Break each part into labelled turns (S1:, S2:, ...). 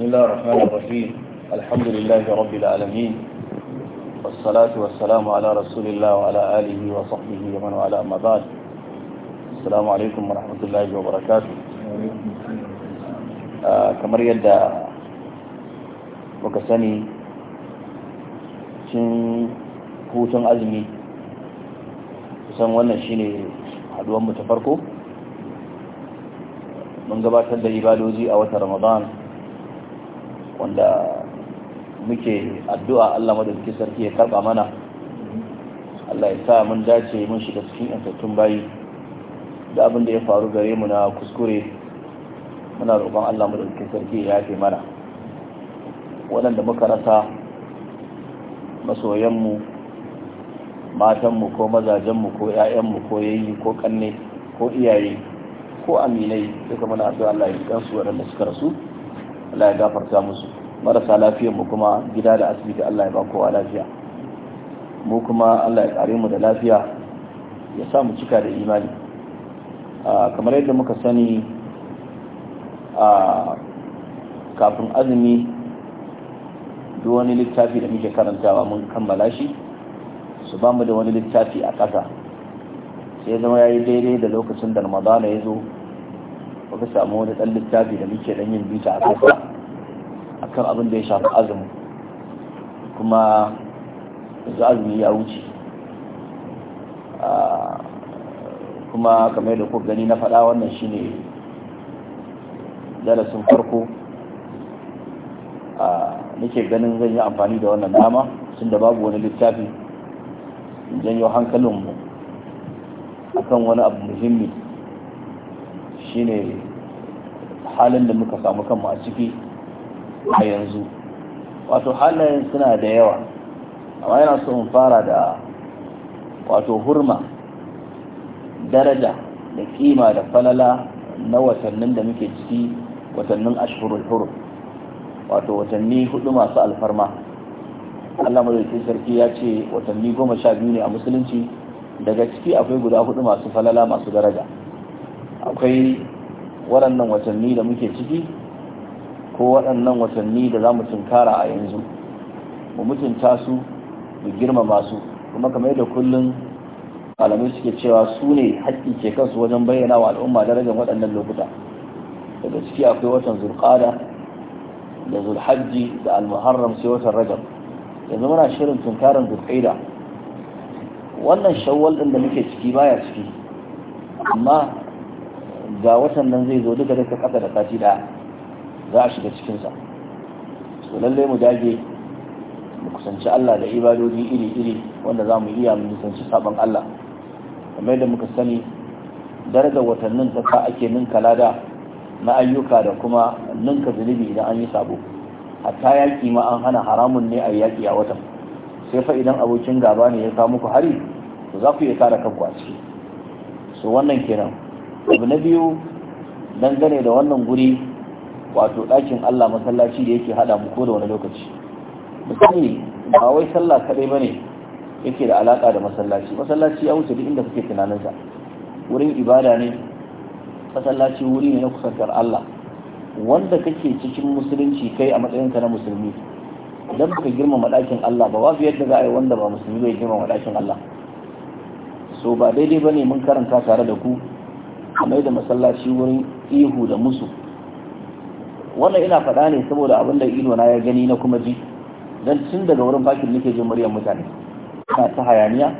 S1: بسم الله الرحمن الرحيم الحمد لله رب العالمين والصلاة والسلام على رسول الله وعلى آله وصحبه ومن وعلى أما بعد السلام عليكم ورحمة الله وبركاته kamar yadda muka sani cin hutun azumi kusan wannan shine haduwanmu ta farko mun gabatar da ibadoji a watan ramadan wanda muke addu'a Allah madaukakin sarki ya karba mana Allah ya sa mun dace mun shiga cikin yantattun bayi da abin da ya faru gare mu na kuskure muna roƙon Allah madaukakin sarki ya yafe mana waɗanda muka rasa masoyanmu matanmu ko mazajenmu ko 'ya'yanmu ko yayi ko kanne ko iyaye ko aminai duka muna addu'a Allah ya waɗanda suka rasu Allah ya gafarta musu marasa lafiyar mu kuma gida da asibiti Allah ya ba kowa lafiya mu kuma Allah ya kare mu da lafiya ya sa mu cika da imani kamar yadda muka sani a kafin azumi duk wani littafi da muke karantawa mun kammala shi su ba mu da wani littafi a ƙasa sai zama ya yi daidai da lokacin da ramadana ya zo Wani samu wani ɗan littafi da muke ɗan yin bita a kasa a kan abin da ya shafi azumi kuma yanzu azumi ya wuce kuma kamar da kuka gani na faɗa wannan shine darasin farko nake ganin zan yi amfani da wannan dama tunda babu wani littafi janyo hankalinmu akan wani abu muhimmi shine halin da muka samu kanmu a ciki a yanzu wato halayen suna da yawa amma yana so in fara da wato hurma daraja da kima da falala na watannin da muke ciki watannin ashhurul huru wato watanni hudu masu alfarma Allah madaukakin sarki ya ce watanni goma sha biyu ne a musulunci daga ciki akwai guda hudu masu falala masu daraja akwai waɗannan watanni da muke ciki ko waɗannan watanni da za mu tunkara a yanzu mu mutunta su mu girmama su kuma kamar da kullum malamai suke cewa su ne haƙƙi ke kansu wajen bayyana wa al'umma darajar waɗannan lokuta daga ciki akwai watan zulƙada da zulhajji da almuharram sai watan rajab yanzu muna shirin tunkarin zulƙaida wannan shawwal ɗin da muke ciki baya ciki amma ga watan nan zai zo duka duka kasa da sati da za a shiga cikinsa so lallai mu dage mu kusanci Allah da ibadoji iri-iri wanda za mu iya mu kusanci sabon Allah kamar da muka sani darajar watannin ta ka ake ninka lada na ayyuka da kuma ninka zunubi idan an yi sabo hatta yaƙi ma an hana haramun ne a yaƙi a watan sai fa idan abokin gaba ne ya kawo muku hari to za ku iya kare kanku a ciki so wannan kenan abu na biyu dangane da wannan guri wato ɗakin Allah masallaci da yake haɗa mu ko da wani lokaci misali ba wai sallah kaɗai ba ne yake da alaƙa da masallaci masallaci ya wuce duk inda kake tunaninsa wurin ibada ne masallaci wuri ne na kusantar Allah wanda kake cikin musulunci kai a matsayinka na musulmi idan baka girmama ɗakin Allah ba babu yadda za a yi wanda ba musulmi bai girmama ɗakin Allah so ba daidai ba ne mun karanta tare da ku a mai da masallaci wurin ihu da musu wannan ina faɗa ne saboda abin da ido na ya gani na kuma ji dan tun daga wurin bakin nake jin muryar mutane ina ta hayaniya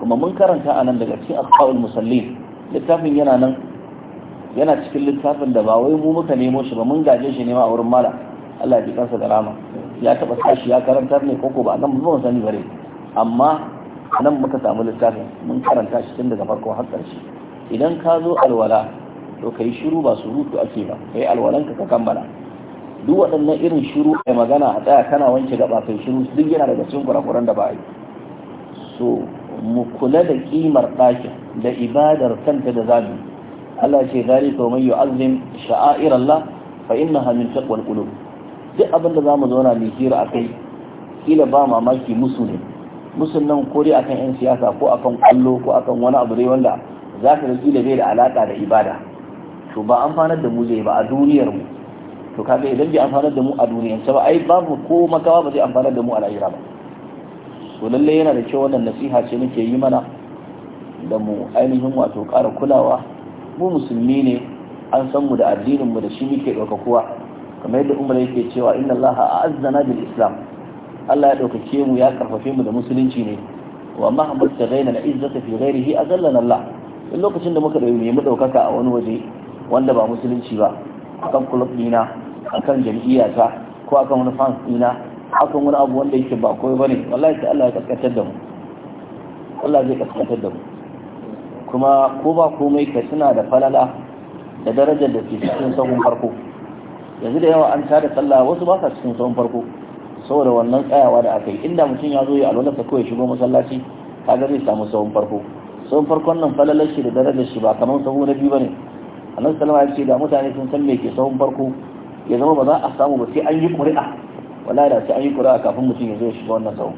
S1: kuma mun karanta a nan daga cikin asfa'ul musallin littafin yana nan yana cikin littafin da ba wai mu muka nemo shi ba mun gaje shi nema a wurin mala Allah ya kansa da rama ya taba sashi ya karantar ne koko ba nan mun sani bare amma nan muka samu littafin mun karanta shi tun daga farko har ƙarshe idan ka zo alwala to kai shiru ba surutu ake ba kai alwalan ka kammala duk waɗannan irin shiru mai magana a tsaya kana wanke gaba kai shiru duk yana daga cikin kurakuran da ba yi so mu kula da kimar ɗakin da ibadar kanta da zabi Allah ce zalika wa mai yu'azzim sha'air Allah fa innaha min taqwal qulub duk abin da zamu zauna mu hira akai kila ba mamaki musu ne musun ko dai akan yan siyasa ko akan kallo ko akan wani abu dai wanda za ka ga da bai da alaƙa da ibada to ba amfanar da mu zai ba a duniyar mu to kaga idan bai amfanar da mu a duniyar ba ai babu ko makawa ba zai amfanar da mu a lahira ba to lalle yana da kyau wannan nasiha ce nake yi mana da mu ainihin wato ƙara kulawa mu musulmi ne an san mu da addinin mu da shi muke ɗaukakuwa kamar yadda umar yake cewa inna allaha azzana bil islam Allah ya ɗaukake mu ya karfafe mu da musulunci ne wa mahmud ta gaina na izzata fi ghairihi azallana Allah in lokacin da muka mu ɗaukaka a wani waje wanda ba musulunci ba akan club dina akan ta ko akan wani fans dina akan wani abu wanda yake ba koyi bane wallahi sai Allah ya kaskantar da mu Allah zai kaskantar da mu kuma ko ba komai ka suna da falala da darajar da ke cikin sahun farko yanzu da yawa an tada sallah wasu ba sa cikin sahun farko saboda wannan tsayawa da aka yi inda mutum ya zo ya ta kawai shigo masallaci kaga zai samu sahun farko sau farkon nan falalar shi da darajar shi ba kamar sahu na biyu ba ne. sallallahu alaihi ya ce da mutane sun san me ke sahun farko ya zama ba za a samu ba sai an yi ƙuri'a wala da sai an yi ƙuri'a kafin mutum ya zo ya shiga wannan sahun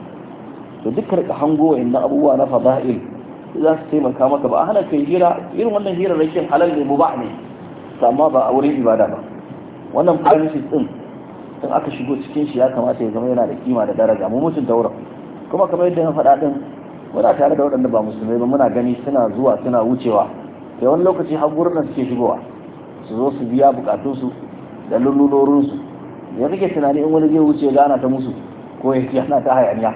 S1: to duk karka hango wa'annan abubuwa na fada'il za su taimaka maka ba a hana kai hira irin wannan hirar rashin halal ne mubah ne amma ba a wurin ibada ba wannan premises din in aka shigo cikin shi ya kamata ya zama yana da kima da daraja mu mutunta wurin kuma kamar yadda na faɗa din muna tare da waɗanda ba musulmai ba muna gani suna zuwa suna wucewa sai wani lokaci har nan suke shigowa su zo su biya bukatunsu da lullulorinsu ya kake tunani in wani zai wuce gana ta musu ko ya ce ana ta hayaniya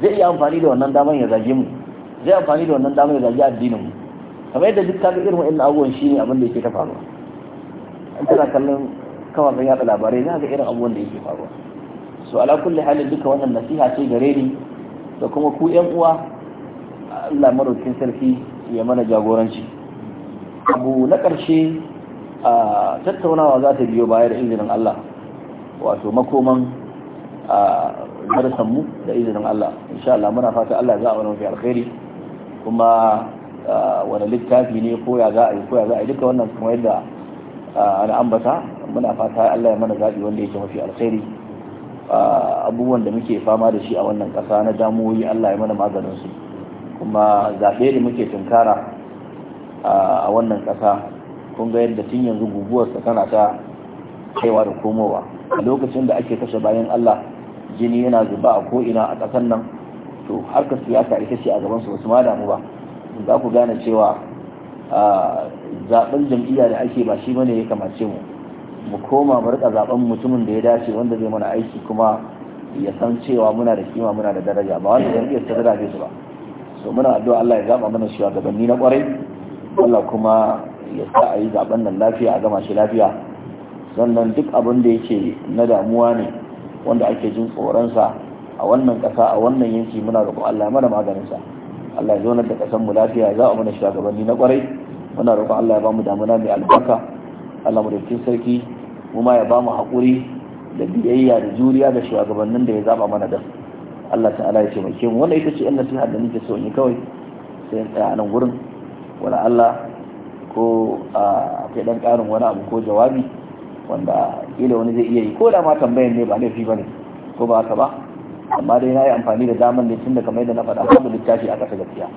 S1: zai iya amfani da wannan daman ya zage mu zai amfani da wannan daman ya zage addinin mu kamar yadda duk kaga irin wa'annan abubuwan shine abin da yake ta faruwa in kana kallon kafafen yaɗa labarai za ga irin abubuwan da yake faruwa so ala kulli halin duka wannan nasiha ce gare ni da kuma ku yan uwa Allah maraukin sarki ya mana jagoranci abu na ƙarshe a tattaunawa za ta biyo bayar izinin Allah wato makoman a mu da izinin Allah insha Allah muna fata Allah za a wani mafi alkhairi kuma wani littafi ne ko ya za a yi ko ya za a yi duka wannan kuma yadda an ambata muna fata Allah ya mana zaɓi wanda yake mafi alkhairi abubuwan da muke fama da shi a wannan ƙasa na damuwoyi Allah ya mana maganin su kuma zaɓe da muke tunkara a wannan ƙasa kun ga yadda tun yanzu guguwarsa tana ta kaiwa da komowa a lokacin da ake kashe bayan Allah jini yana zuba a ko'ina a ƙasar nan to harkar siyasa ita ce a gaban su ma damu ba za ku gane cewa zaɓen jam'iyya da ake ba shi bane ya kamace mu mu koma mu rika zaben mutumin da ya dace wanda zai mana aiki kuma ya san cewa muna da kima muna da daraja ba wanda zai iya sadara da su ba so muna addu'a Allah ya zaba mana shugabanni na kwarai Allah kuma ya sa a yi zaben nan lafiya a gama shi lafiya sannan duk abin da yake na damuwa ne wanda ake jin tsoronsa a wannan kasa a wannan yanki muna roƙo Allah ya mana maganinsa Allah ya zaunar da kasan mu lafiya ya zaba mana shugabanni na kwarai muna roƙo Allah ya ba mu damuna mai albarka Allah madaukakin sarki mu ma ya ba mu hakuri da biyayya da juriya da shugabannin da ya zaba mana da Allah ta'ala ya ce mai mu. wannan ita ce yan nasiha da nake so in yi kawai sai in tsaya a nan gurin wala Allah ko a kai dan karin wani abu ko jawabi wanda kila wani zai iya yi ko da ma tambayan ne ba laifi ba ne ko ba haka ba amma dai na yi amfani da zaman ne tun daga kamar yadda na faɗa babu littafi a ƙasa gaskiya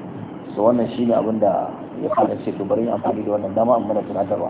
S1: so wannan shine abin da ya fara ce to bari amfani da wannan dama amma da tunatarwa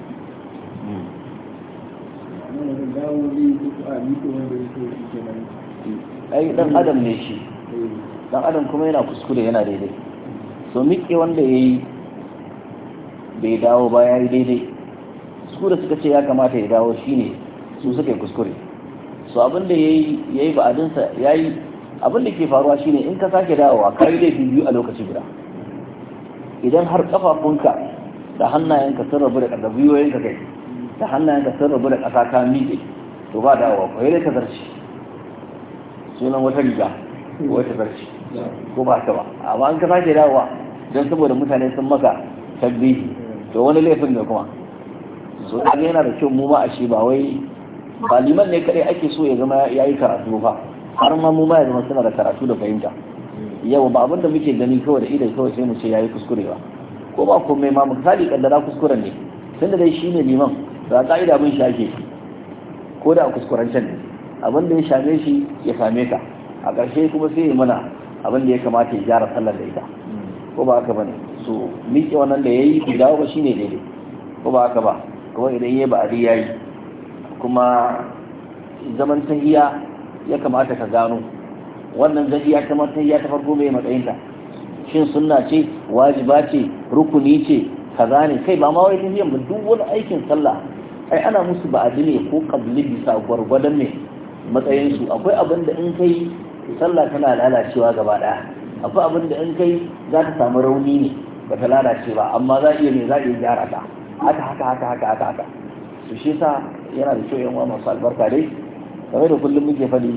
S1: ai dan adam ne shi dan adam kuma yana kuskure yana daidai so miƙe wanda ya yi bai dawo ba ya yi daidai su suka ce ya kamata ya dawo shine su suka yi kuskure so abin da ya yi ba'adinsa ya yi abin ke faruwa shine in ka sake dawowa ka yi biyu a lokaci guda idan har kafafunka da hannayenka sun rabu da ƙarƙabiyoyinka kai da hannayen ka sun rabu da ƙasa ka miƙe to ba da ko kwaye ta zarci sunan wata riga wata zarci ko ba ta ba amma an ka sake dawowa don saboda mutane sun maka tabbihi to wani laifin ne kuma so ne yana da kyau mu ma a shi ba wai ba liman ne kadai ake so ya zama ya yi karatu ba har ma mu ma ya zama suna da karatu da fahimta yau ba abinda muke gani kawai da idan kawai sai mu ce yi kuskure ba ko ba komai ma misali kaddara kuskuren ne tunda dai shi ne liman to a ka'ida mun shake ko da a kuskurancen ne abin da ya same shi ya same ka a ƙarshe kuma sai ya mana abin da ya kamata ya gyara sallar da ita ko ba haka bane so miƙe wannan da yayi ku dawo ba shine daidai ko ba haka ba kuma idan ya ba riya yi kuma zaman tahiya ya kamata ka gano wannan zahiya ta tahiya ta farko mai matsayin ta shin sunna ce wajiba ce rukuni ce kaza ne kai ba ma wai tahiyan ba duk wani aikin sallah ai ana musu ba ne ko kabli bisa gwargwadon ne matsayinsu akwai abin da in kai sallah tana lalacewa gaba daya akwai abin da in kai za ta samu rauni ne ba ta lalace ba amma za iya ne za iya gyara ta haka haka haka haka haka haka su shi sa yana da kyau yan uwa masu albarka dai kamar da kullum muke fadi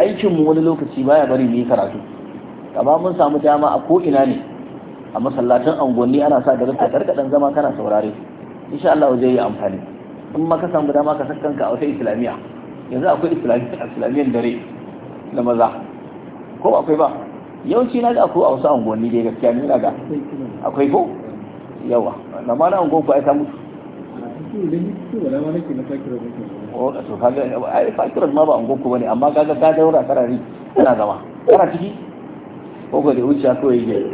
S1: aikin mu wani lokaci baya bari mu yi karatu amma mun samu dama a ko ina ne a masallacin unguwanni ana sa da rika karkadan zama kana saurare insha Allah zai yi amfani in ma ka samu dama ka saka kanka a wata islamiyya yanzu akwai islamiyan dare na maza ko akwai ba yawanci na ga akwai a wasu unguwanni dai gaskiya ne na ga akwai ko yawa na ma na unguwan ku ai ta mutu to kaga ai fakirar ma ba unguwan ku bane amma ga ga daura karari kana zama kana ciki ko ga da wuce ko yi yake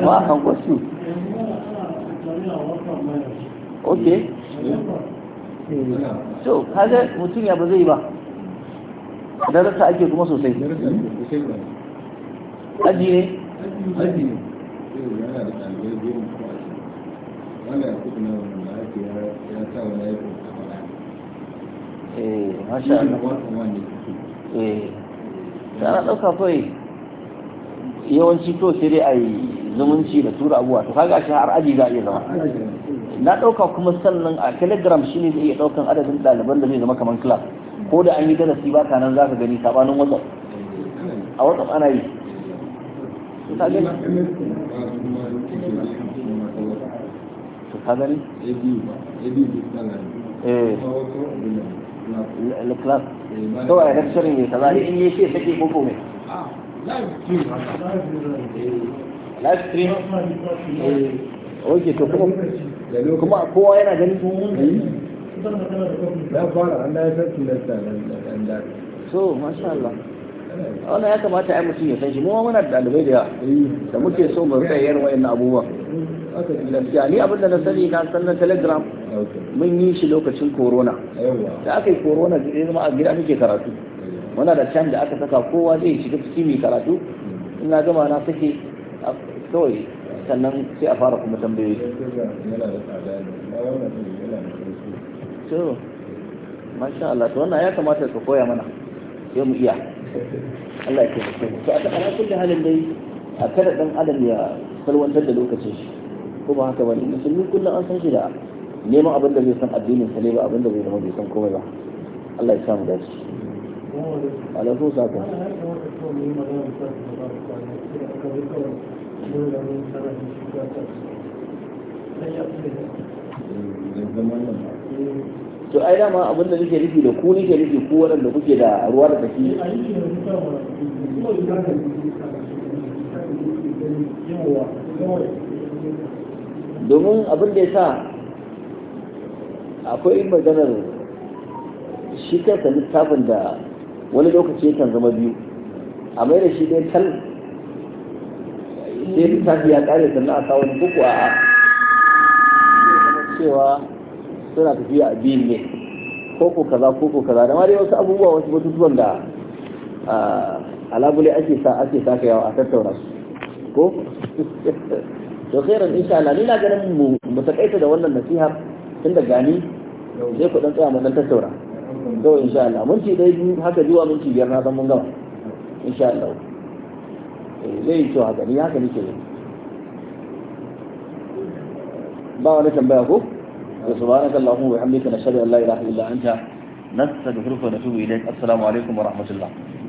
S1: amma an kwasu okay to kaga mutum ya ba zai ba darasa ake kuma sosai aji ne aji ne yana da ya sa wani ya a eh, masha Allah eh, na ɗauka kawai yawanci to sai dai a yi zumunci da tura abuwa to kaga shi har aji za a iya zama na dauka kuma sannan a telegram shine zai iya ɗaukan adadin ɗaliban da zai zama kamar club ko da an yi darasi ba ka nan za ka gani sabanin whatsapp a whatsapp ana yi ta gani ka gani eh class to a lecturing ne kaza in yi ce take koko ne live stream eh, ok to kuma kowa yana gani ya fara an da ya sarki so masha Allah wannan ya kamata ai mutum ya san shi mu muna da dalibai da yawa da muke so mu rika yin wayannan abubuwa gaskiya ni abin da na sani na san na telegram mun yi shi lokacin corona da aka yi corona zai zama a gida muke karatu muna da can da aka saka kowa zai shiga ciki mai karatu ina gama na sake kawai sannan sai a fara kuma tambayoyi to masha Allah to wannan ya kamata ka koya mana sai mu iya Allah ya kai mu to a kana kullu halin dai a kada dan adam ya salwantar da lokacin shi kuma haka bane musulmi kullum an san shi da neman abin da bai san addinin sa ne ba abin da bai zama bai san komai ba Allah ya sa mu dace alaikum salam to ai dama abin da nake rufi da ku nake rufi ku waɗanda kuke da ruwa da tsaki domin abin da ya sa akwai maganar shi kansa littafin da wani lokaci kan zama biyu a mai da shi dai sai lissafi ya kare sannan a sa wani kuku a a cewa suna tafiya a biyun ne koko kaza koko kaza da ma dai wasu abubuwa wasu batutuwan da alabule ake sa ake sa yawa a tattauna su ko to khairan insha Allah ni na ganin mu mu takaita da wannan nasiha tun da gani sai ku dan tsaya mu dan tattauna to insha Allah mun ci dai haka zuwa mun ci biyar na san mun gama insha Allah Eh, zai yi kyau haka nake yi ba wani tambaya ko da subhanaka allahumma wa bihamdika nashhadu an la ilaha illa anta nastaghfiruka wa natubu ilayk assalamu alaikum wa rahmatullah